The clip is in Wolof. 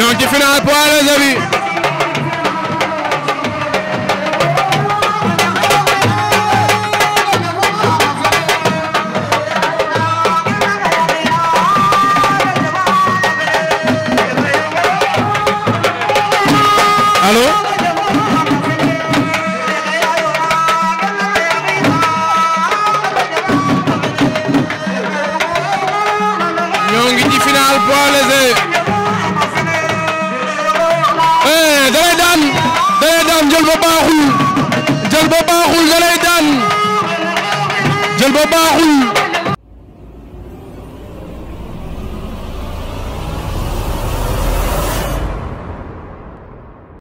ñoo ngi ci final poids léger bi allo ñoo ngi ci final poids léger jël ba baaxul